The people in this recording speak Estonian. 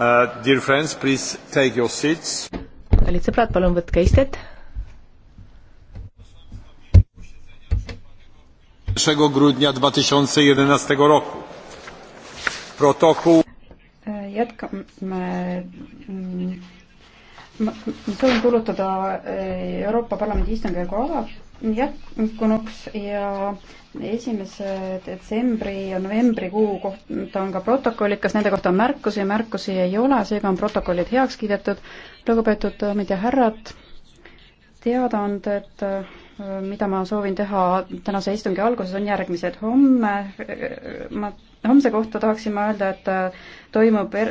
Uh, dear friends, please take your seats. kallid sõbrad, palun võtke istet. grudnia 2011 roku. Protokół. E, jätkame. Mm, ma soovin kuulutada e, Euroopa Parlamendi istungjärgu avatud jätkunuks ja esimese detsembri ja novembrikuu kohta on ka protokollid, kas nende kohta on märkusi, märkusi ei ole, seega on protokollid heaks kiidetud. lugupeetud daamid ja härrad, teadaanded, äh, mida ma soovin teha tänase istungi alguses, on järgmised. homme äh, ma, homse kohta tahaksin ma öelda, et äh, toimub er,